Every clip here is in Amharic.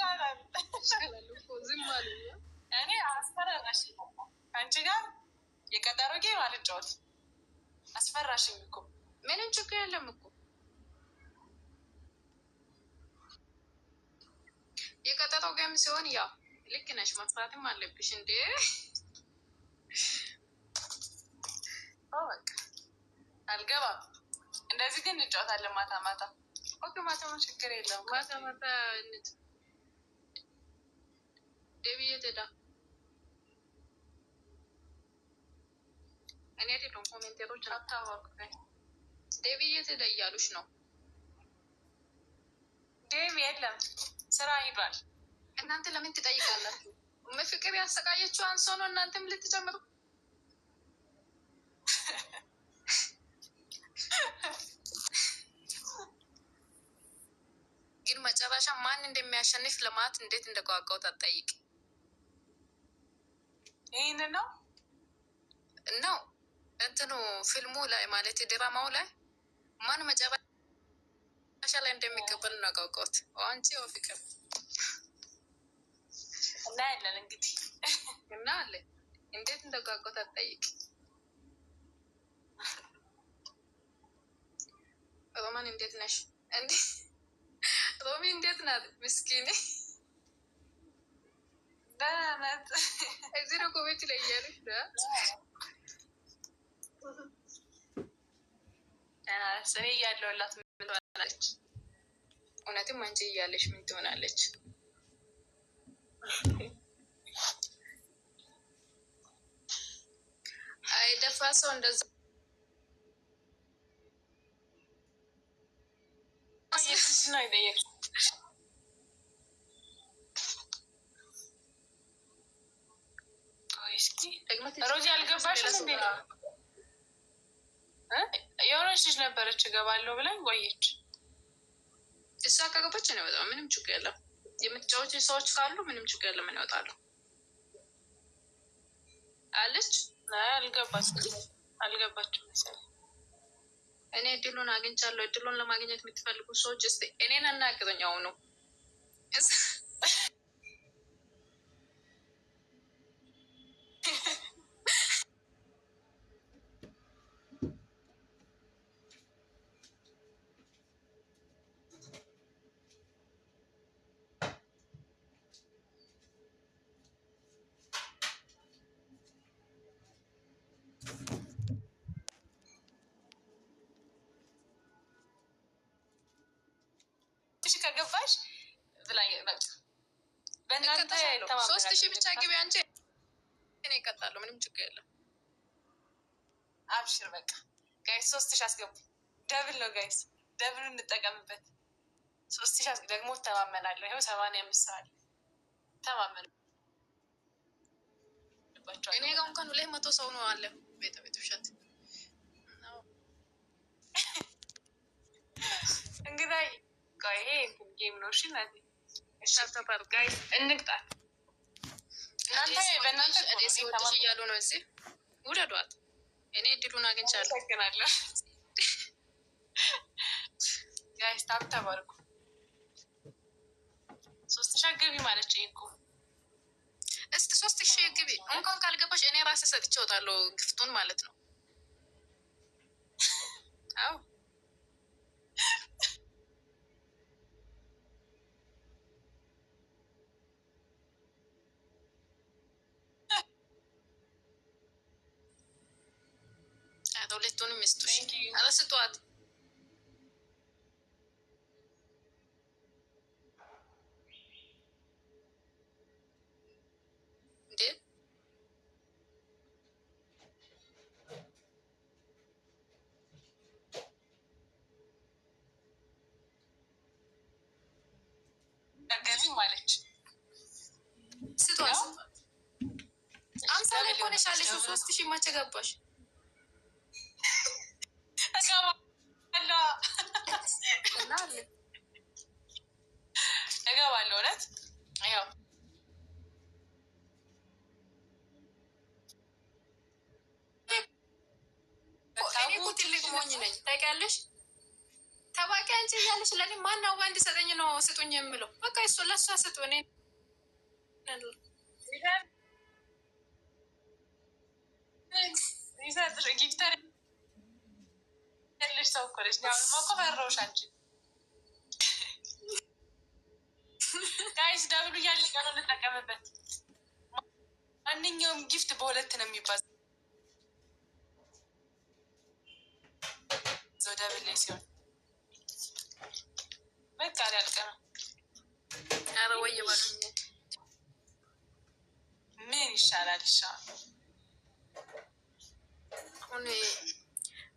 ይሻላል ይሻላል እኮ ዝም አሉ። እኔ አስፈራራሽ ይሆና ጋር የቀጠሮ ጌ አልጫወት አስፈራሽኝ እኮ ምንም ችግር የለም እኮ የቀጠሮ ገም ሲሆን ያው ልክ ነሽ፣ መስራትም አለብሽ እንዴ አልገባም። እንደዚህ ግን እንጫወታለን ማታ ማታ። ኦኬ፣ ማታ ችግር የለም ማታ ማታ Debbie እኔ አይደለሁም። ኮሜንቴሮች አታዋቅኝ። ዴቪ የት እያሉሽ ነው። ዴቪ የለም ስራ ይባል። እናንተ ለምን ትጠይቃላችሁ? ፍቅር ያሰቃየችው አንሶ ነው። እናንተም ልትጨምሩ ግን መጨረሻ ማን እንደሚያሸንፍ ለማት እንዴት እንደጓጓው ታጠይቅ ይህን ነው ነው እንትኑ ፊልሙ ላይ ማለት ድራማው ላይ ማን መጨረሻ ላይ እንደሚቀበል ነው አንቺ ፍቅር እና ያለን እንግዲህ እና አለ እንዴት እንደጓጓት አትጠይቅ። ሮማን እንዴት ነሽ? ሮሚ እንዴት ናት? ምስኪኔ ደህና ናት። እዚህ ነው ኮሜንት ላይ እያለች እኔ እያለሁላት ምን ትሆናለች? እውነትም አንቺ እያለሽ ምን ትሆናለች? አይ ደፋ ሰው እንደዛ ነው የጠየቅሽው ሮዚ አልገባሽም እንዴ? የሆነች ልጅ ነበረች እገባለሁ ብለን ቆየች። እሷ ከገባች ነው በጣም ምንም ችግር የለም። የምትጫወች ሰዎች ካሉ ምንም ችግር የለም። እንወጣለሁ አለች። አልገባች አልገባችም መሰለኝ። እኔ እድሉን አግኝቻለሁ። እድሉን ለማግኘት የምትፈልጉ ሰዎች እስኪ እኔን አናግረኝ አሁኑ ከገባሽ ብላኝ በቃ በእናንተ ሶስት ሺህ ብቻ ግቢ አንቺ እኔ ይቀጣሉ። ምንም ችግር የለም። አብሽር በቃ ጋይስ ሶስት ሺህ አስገቡ። ደብል ነው ጋይስ፣ ደብሉ እንጠቀምበት። ሶስት ሺህ ደግሞ ተማመናለሁ። ይኸው ሰማንያ አምስት ተማመኑ። እኔ ጋር እንኳን ሁለት መቶ ሰው ነው አለ ቤተ ቤት ውሸት ጋይሄ ጌም ነው። እሺ እነዚህ ጋይስ እንቅጣት። እናንተ በእናንተ እያሉ ነው። እዚህ ውደዷት። እኔ እድሉን አግኝቻለሁ። አመሰግናለሁ ጋይስ። ተባርኩ። ሶስት ሺ ግቢ ማለች እኮ እስቲ ሶስት ግቢ እንኳን ካልገባሽ እኔ ራሴ ሰጥቼ እወጣለሁ። ግፍቱን ማለት ነው እናንተ ሁለቱንም ስጡሽ። ኧረ ስጧት። ገቢም አለች ስጧት። አምሳ ላይ ሆነሻለች። ሶስት ሺህ ማቸገባሽ እገባለሁ እውነት ያው ታውቂያለሽ። ተባቂ አንቺ እያለሽ ለእኔ ማን አዋ እንዲሰጠኝ ነው ስጡኝ የምለው። በቃ እሱ ለእሷ ስጡ እኔ ይሰጥ ጊፍተር ነበረች። አሁንማ እኮ ፈራሁሽ አንቺ። ጋይስ ደብሉ እያለቀ ነው፣ እንጠቀምበት። ማንኛውም ጊፍት በሁለት ነው የሚባል ደብል ላይ ሲሆን በቃ ሊያልቅ ነው። ኧረ ወይ ምን ይሻላል? ይሻላል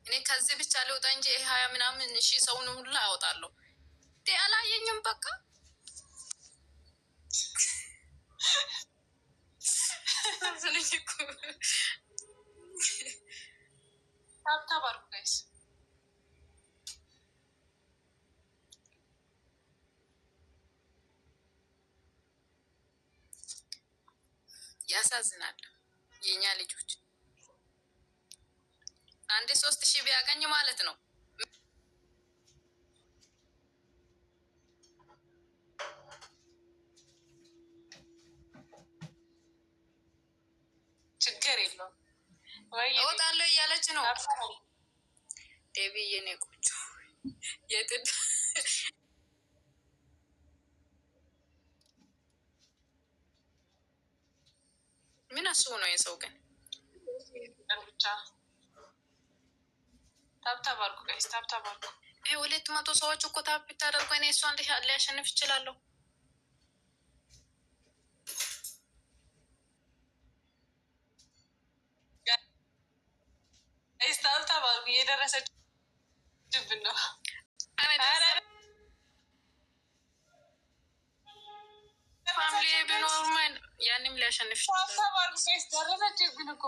እኔ ከዚህ ብቻ ልውጣ እንጂ ይሄ ሀያ ምናምን እሺ ሰውን ሁሉ አወጣለሁ። ዴ አላየኝም በቃ ያሳዝናል የእኛ ልጆች አንድ ሶስት ሺህ ቢያገኝ ማለት ነው። ችግር የለው እወጣለሁ እያለች ነው። ዴቢ የኔ ቆንጆ የጥድ ምን አስቡ ነው የሰው ግን ብቻ ታብታብ ጋይስ፣ ታብታብ ሁለት መቶ ሰዎች እኮ ታብ ብታደርጉ እኔ እሷ ሊያሸንፍ ይችላለሁ? ጋይስ ታብታብ አድርጉ። ነው ፋሚሊ ቢኖርማ ያንም ሊያሸንፍ ይችላል። ታብታብ አድርጉ ድብን እኮ